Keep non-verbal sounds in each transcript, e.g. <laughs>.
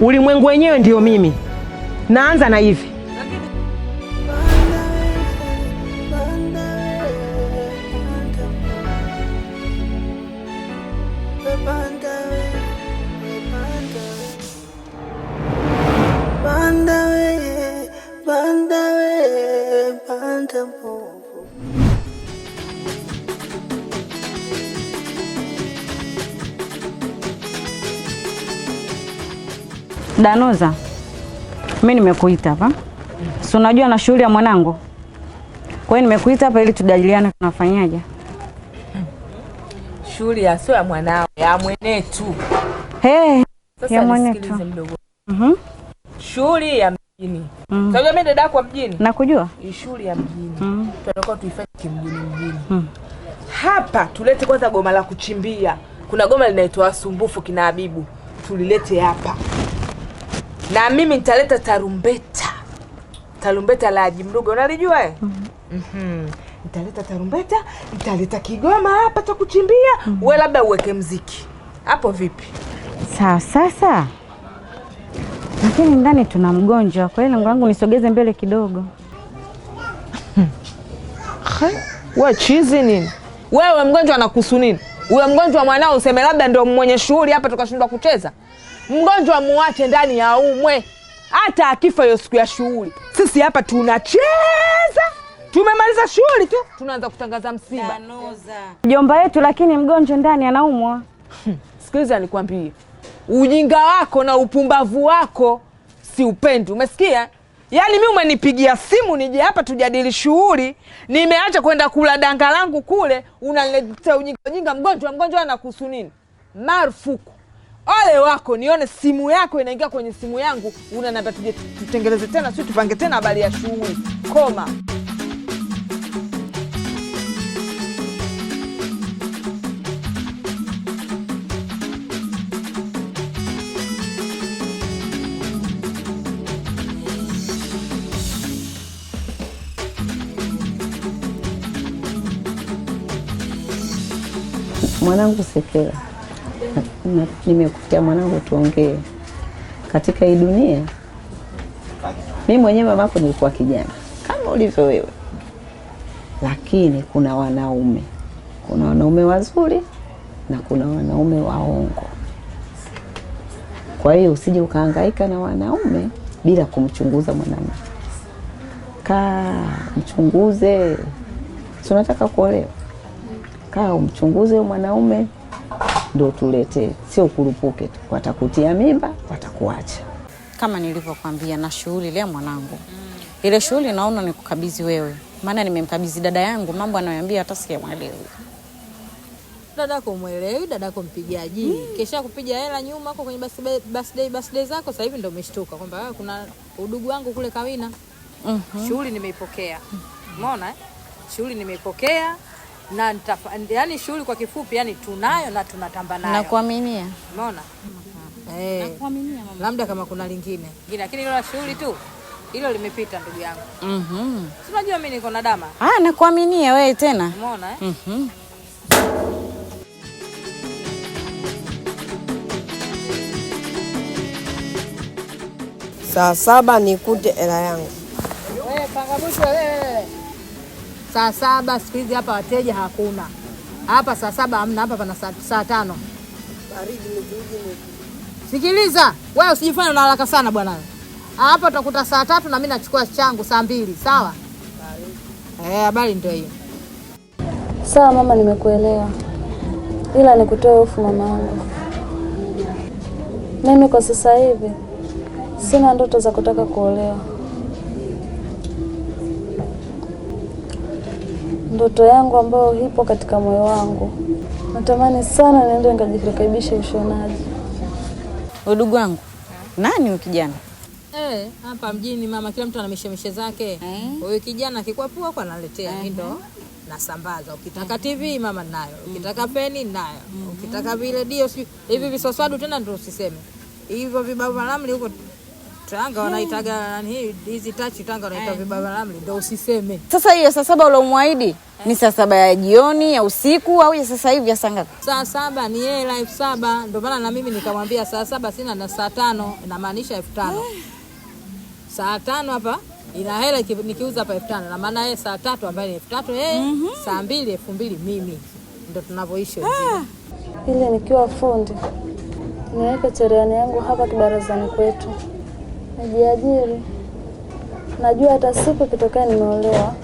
Ulimwengu wenyewe ndio mimi. Naanza na hivi Banda we, banda we, banda Danoza, mi nimekuita hapa, si unajua na shughuli ya mwanangu, kwa hiyo nimekuita hapa ili tujadiliane tunafanyaje. Shughuli ya sio ya mwanao, ya mwenetu. Hey, ya mwenetu mdogo. Mhm. Mm, shughuli ya mjini. Mm. Unajua mimi dada kwa mjini? Nakujua. Ni shughuli ya mjini. Mm. Tunataka tuifanye kimjini mjini. Mm. Hapa tulete kwanza goma la kuchimbia. Kuna goma linaitwa Sumbufu kina Habibu. Tulilete hapa na mimi nitaleta tarumbeta, tarumbeta la Jimdugo unalijua eh? mm -hmm. mm -hmm. Nitaleta tarumbeta, nitaleta kigoma hapa cha kuchimbia. mm -hmm. We labda uweke mziki hapo, vipi? Sawa. Sasa lakini ndani tuna mgonjwa, kwa hiyo lengo langu nisogeze mbele kidogo. We chizi nini wewe? Mgonjwa anakuhusu nini? Uwe mgonjwa mwanao useme labda ndio mwenye shughuli hapa tukashindwa kucheza Mgonjwa muwache ndani ya umwe, hata akifa hiyo siku ya shughuli. Sisi hapa tunacheza, tumemaliza shughuli tu tunaanza kutangaza msiba. Mjomba yetu lakini mgonjwa ndani anaumwa. Hmm, sikiliza nikwambie, ujinga wako na upumbavu wako si upendi, umesikia? Yaani mimi umenipigia simu nije hapa tujadili shughuli, nimeacha kwenda kula danga langu kule, unaleta ujinga ujinga. Mgonjwa mgonjwa anakuhusu nini? Marufuku ole wako, nione simu yako inaingia kwenye simu yangu, una namba tuje tutengeleze tena, si tupange tena habari ya shughuli. Koma. Mwanangu Sekela nimekufikia mwanangu, tuongee katika hii dunia. Mi mwenyewe mamako nilikuwa kijana kama ulivyo wewe, lakini kuna wanaume, kuna wanaume wazuri na kuna wanaume waongo. Kwa hiyo usije ukahangaika na wanaume bila kumchunguza mwanamke. Kaa mchunguze, si unataka kuolewa? Kaa umchunguze mwanaume ndo tuletee, sio kurupuke tu. Watakutia mimba, watakuacha. Kama nilivyokwambia na shughuli ile mwanangu, ile shughuli naona kukabidhi wewe, maana nimemkabidhi dada yangu, mambo anayoambia hata siyamwelewi. Dadako mwelewi, dadako mpigaji mm. Kesha kupiga hela nyuma huko kwenye birthday birthday zako. Sasa hivi ndio umeshtuka kwamba kuna udugu wangu kule Kawina. mm -hmm. Shughuli nimeipokea, umeona mm -hmm. Shughuli nimeipokea na yani shughuli kwa kifupi, yani tunayo na tunatamba nayo. Nakuaminia. Umeona? Eh. Nakuaminia mama. Labda kama kuna lingine. Lakini hilo la shughuli tu hilo limepita ndugu yangu. Mhm. Mm, si unajua mimi niko na dama. Ah, nakuaminia wewe tena. Umeona eh? Mhm. Mm Saa saba nikute hela yangu. Wewe panga mwisho wewe saa saba. Siku hizi hapa wateja hakuna hapa, saa saba hamna hapa, pana saa, saa tano. Sikiliza wewe, usijifanye una haraka sana bwana. Hapa utakuta saa tatu na mi nachukua changu saa mbili. Sawa, eh, habari ndio hiyo. Sawa mama, nimekuelewa, ila nikutoe hofu mama wangu, mimi kwa sasa hivi sina ndoto za kutaka kuolewa. ndoto yangu ambayo ipo katika moyo wangu. Natamani sana niende nikajirekebishe ushonaji. Udugu wangu nani huyu kijana eh? Hapa mjini mama, kila mtu ana mishemishe zake. Eh? Huyu kijana akikwapua kwa analetea ndo eh. nasambaza. Ukitaka eh. TV mama nayo, mm. ukitaka peni nayo, mm-hmm. ukitaka vile dio hivi viswaswadu tena ndo usiseme hivyo vibao vya huko Tanga hmm. wanaitaga nani hii hizi tachi Tanga wanaita eh. vibaba ramli, ndio usiseme. Sasa hiyo saa saba ulomwahidi eh. ni saa saba ya jioni ya usiku au ya sasa hivi ya saa ngapi? Saa saba ni yeye elfu saba. Ndio maana na mimi nikamwambia saa saba sina na saa tano inamaanisha elfu tano. Eh. Saa tano hapa ina hela nikiuza hapa elfu tano na maana yeye saa tatu ambaye ni elfu tatu yeye mm -hmm. saa mbili elfu mbili mimi ndio tunavyoishi ah. Ile nikiwa fundi niweke cherehani yangu hapa kibarazani kwetu nijiajiri. Najua hata siku kitokea nimeolewa,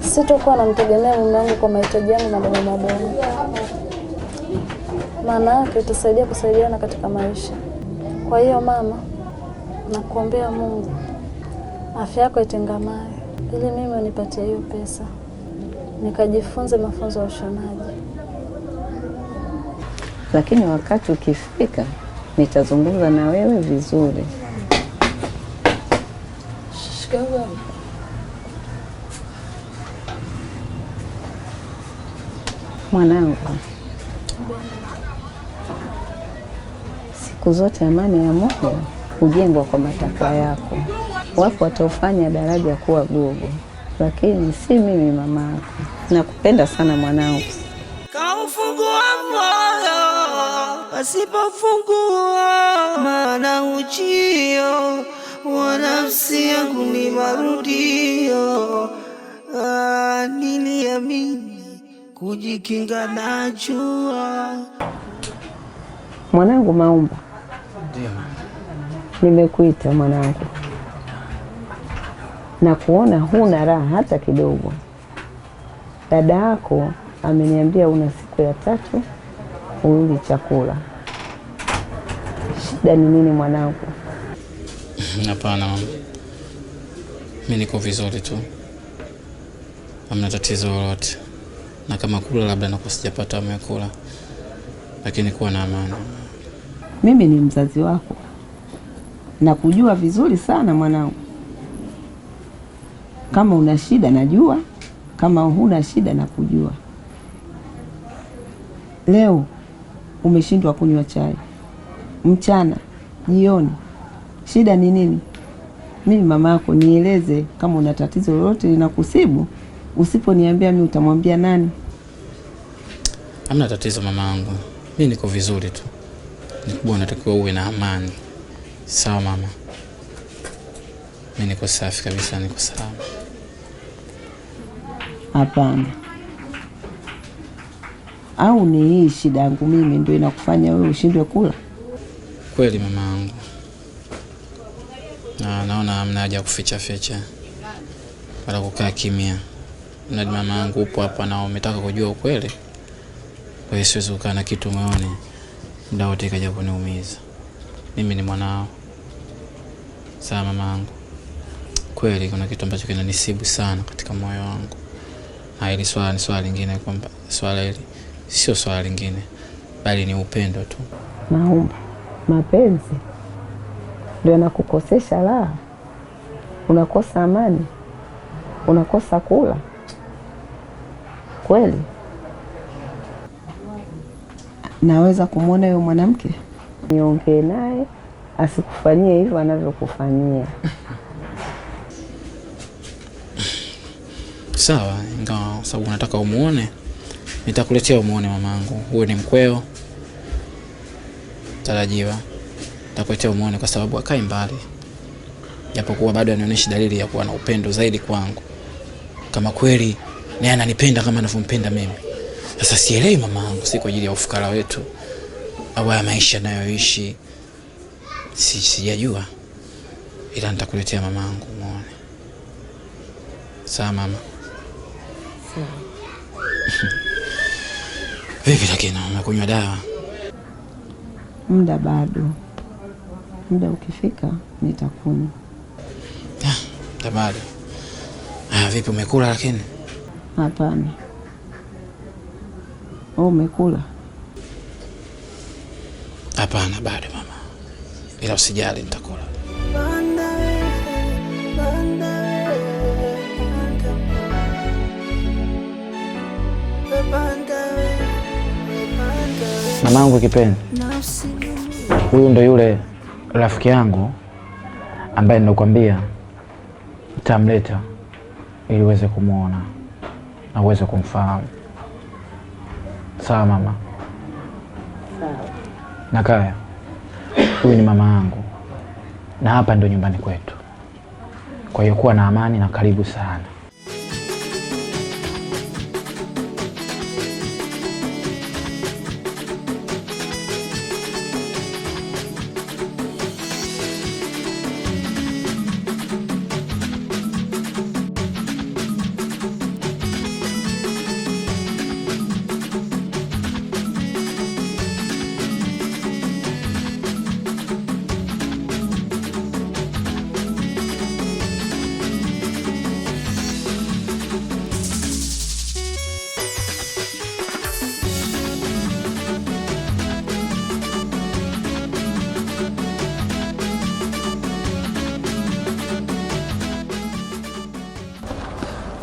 sitokuwa namtegemea mume wangu kwa mahitaji yangu madogo madogo. Maana yake utasaidia kusaidiana katika maisha. Kwa hiyo mama, nakuombea Mungu afya yako itengamae, ili mimi unipatie hiyo pesa nikajifunze mafunzo ya ushonaji. Lakini wakati ukifika, nitazungumza na wewe vizuri go um, mwanangu, siku zote amani ya moyo hujengwa kwa matakwa yako. Wapo wataofanya daraja kuwa gogo, lakini si mimi mama yako. Nakupenda sana mwanangu. Kaufungua moyo, pasipofungua maana uchio wa nafsi yangu ni marudio, ah, niliamini kujikinga na jua. Mwanangu Maumba, nimekuita mwanangu, na kuona huna raha hata kidogo. Dada yako ameniambia una siku ya tatu uli chakula. Shida ni nini mwanangu? Hapana mama, mi niko vizuri tu, hamna tatizo lolote, na kama kula labda nakuwa sijapata hamu ya kula, lakini kuwa na amani. Mimi ni mzazi wako, nakujua vizuri sana mwanangu. Kama una shida najua, kama huna shida nakujua. Leo umeshindwa kunywa chai, mchana, jioni shida ni nini? Mimi mama yako, nieleze kama una tatizo lolote linakusibu. Usiponiambia mimi, utamwambia nani? Hamna tatizo mama yangu, mimi niko vizuri tu. Nikubwa, unatakiwa uwe na amani. Sawa mama, mimi niko safi kabisa, niko salama. Hapana. Au ni hii shida yangu mimi ndio inakufanya wewe ushindwe kula? Kweli mama yangu. Na ah, naona hamna haja kuficha ficha wala kukaa kimya, Na mama yangu upo hapa na umetaka kujua ukweli. Kwa hiyo siwezi kukaa na kitu moyoni muda wote ikaja kuniumiza. Mimi ni mwanao. Sawa mama yangu, kweli kuna kitu ambacho kinanisibu sana katika moyo wangu, na ah, hili swala ni swala lingine, kwamba swala hili sio swala lingine, bali ni upendo tu. Naomba mapenzi ndio yanakukosesha raha, unakosa amani, unakosa kula kweli. Naweza kumwona huyo mwanamke, niongee naye asikufanyie hivyo anavyokufanyia. Sawa, ingawa sababu unataka umuone, nitakuletea umuone mamangu. Huyu ni mkweo tarajiwa nitakuletea umwone, kwa sababu akai mbali, japokuwa bado anaonyesha dalili ya kuwa na upendo zaidi kwangu, kama kweli naye ananipenda kama anavyompenda mimi. Sasa sielewi mama yangu, si kwa ajili ya ufukara wetu au ya maisha nayoishi, si sijajua, ila nitakuletea mama yangu muone. Sawa mama? <laughs> Vipi lakini, umekunywa dawa? Muda bado muda ukifika nitakunywa. Tabari, ah, ah, vipi umekula? Lakini hapana. Oh, umekula? Hapana, bado mama, ila usijali, nitakula. Mamangu kipenzi, huyu ndo yule rafiki yangu ambaye ninakwambia tamleta ili uweze kumwona na uweze kumfahamu. Sawa mama? Sawa. Nakaya, huyu ni mama yangu na hapa ndio nyumbani kwetu, kwa hiyo kuwa na amani na karibu sana.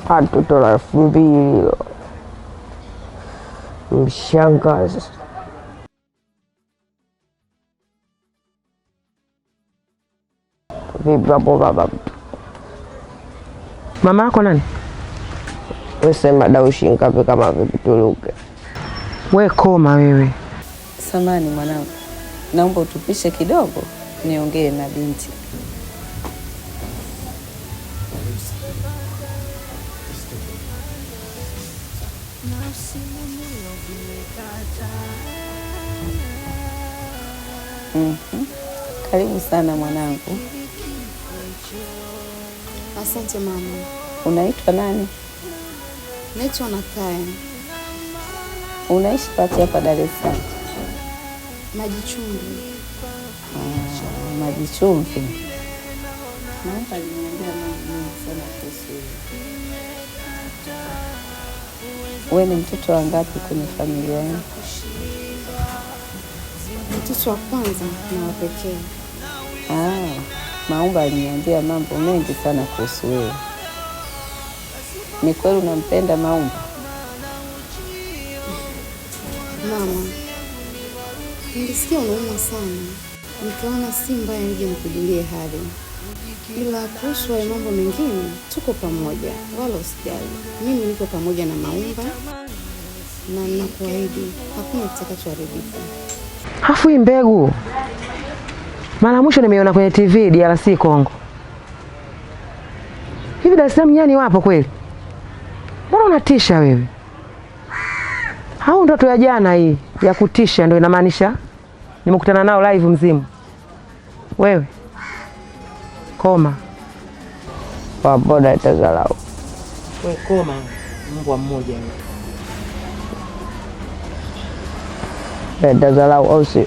hadi toto la elfu mbili hilo mshangaza. Vipi hapo baba? Mama yako nani? Sema daushi ngapi? Kama vipi tuluke? We koma wewe. Samani mwanangu, naomba utupishe kidogo niongee na binti. Mm -hmm. Karibu sana mwanangu. Asante mama. Unaitwa nani? Naitwa Nakaya. Unaishi pati hapa Dar es Salaam? Maji Ah, Wewe ni mtoto wa ngapi kwenye familia yako? mtoto wa kwanza na pekee. Ah, Maumba aliniambia mambo mengi sana kuhusu wewe. Ni kweli unampenda Maumba? Mama, nilisikia unaumwa sana, nikaona si mbaya nije nikujulie hali, ila kuhusu hayo mambo mengine tuko pamoja, wala usijali. Mimi niko pamoja na Maumba na nakuahidi hakuna kitakachoharibika. Afu hii mbegu mara mwisho nimeiona kwenye TV DRC Congo. Hivi Dar es Salaam nyani wapo kweli? Mbona unatisha wewe? Hao ndoto ya jana hii ya kutisha ndio inamaanisha nimekutana nao live mzimu Wewe koma waboda itazarau. Wewe koma mbwa mmoja. nitadharau au sio?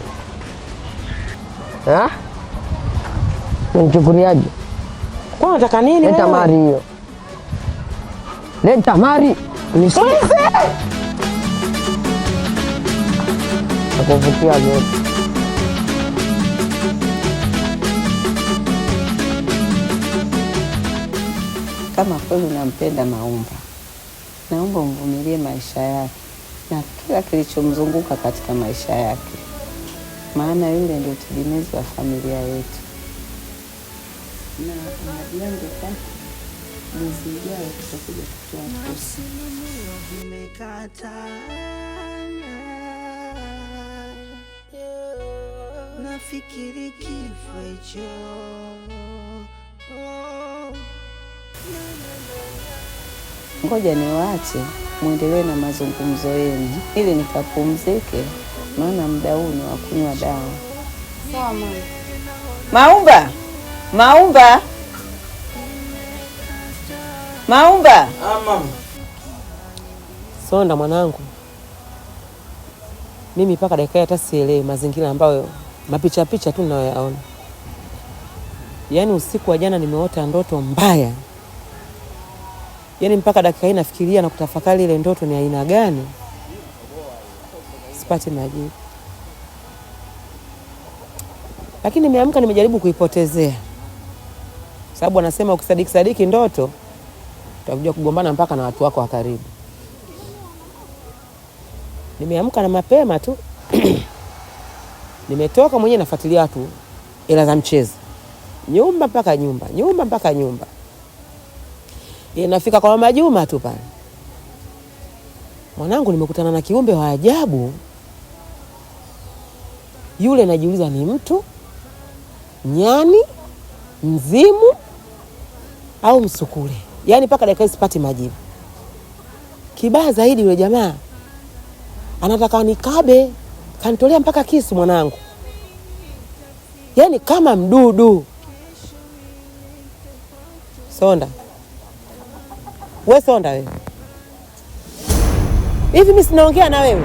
Nichukuliaje? Kwa unataka nini Leta mari hiyo. Leta mari. Nakuvutia vyote. Kama kweli unampenda Maumba, naomba umvumilie maisha yake na kila kilichomzunguka katika maisha yake, maana yule ndio tegemezi wa familia yetu. Na ahadi tutakuja kutoa nafikiri kifo hicho oh ngoja niwaache mwendelee na mazungumzo yenu ili nikapumzike, maana muda huu ni wa kunywa dawa. Sawa Maumba, Maumba, Maumba. Ah, Sonda, mwanangu, mimi mpaka dakika hata sielewi mazingira ambayo mapichapicha tu ninayoyaona, yaani usiku wa jana nimeota ndoto mbaya yani mpaka dakika hii nafikiria na kutafakari ile ndoto ni aina gani, sipati majibu. Lakini nimeamka nimejaribu kuipotezea, sababu anasema ukisadiki sadiki ndoto utakuja kugombana mpaka na watu wako wa karibu. Nimeamka na mapema tu <clears throat> nimetoka mwenyewe, nafuatilia watu ila za mchezo, nyumba mpaka nyumba, nyumba mpaka nyumba Eh, nafika kwa Mama Juma tu pale, mwanangu, nimekutana na kiumbe wa ajabu yule. Najiuliza, ni mtu nyani, mzimu au msukule? Yaani mpaka dakika hii sipati majibu. Kibaya zaidi, yule jamaa anataka nikabe, kanitolea mpaka kisu mwanangu, yaani kama mdudu sonda. We sonda wewe, hivi mimi sinaongea na wewe?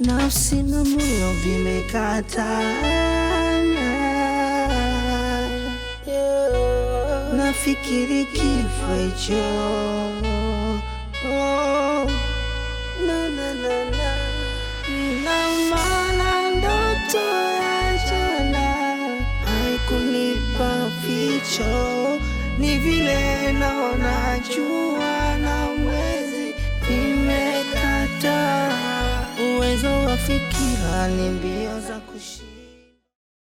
Nafsi na moyo vimekatana, nafikiri kifo hicho macho ni vile naona jua na mwezi imekata uwezo wa fikira ni mbio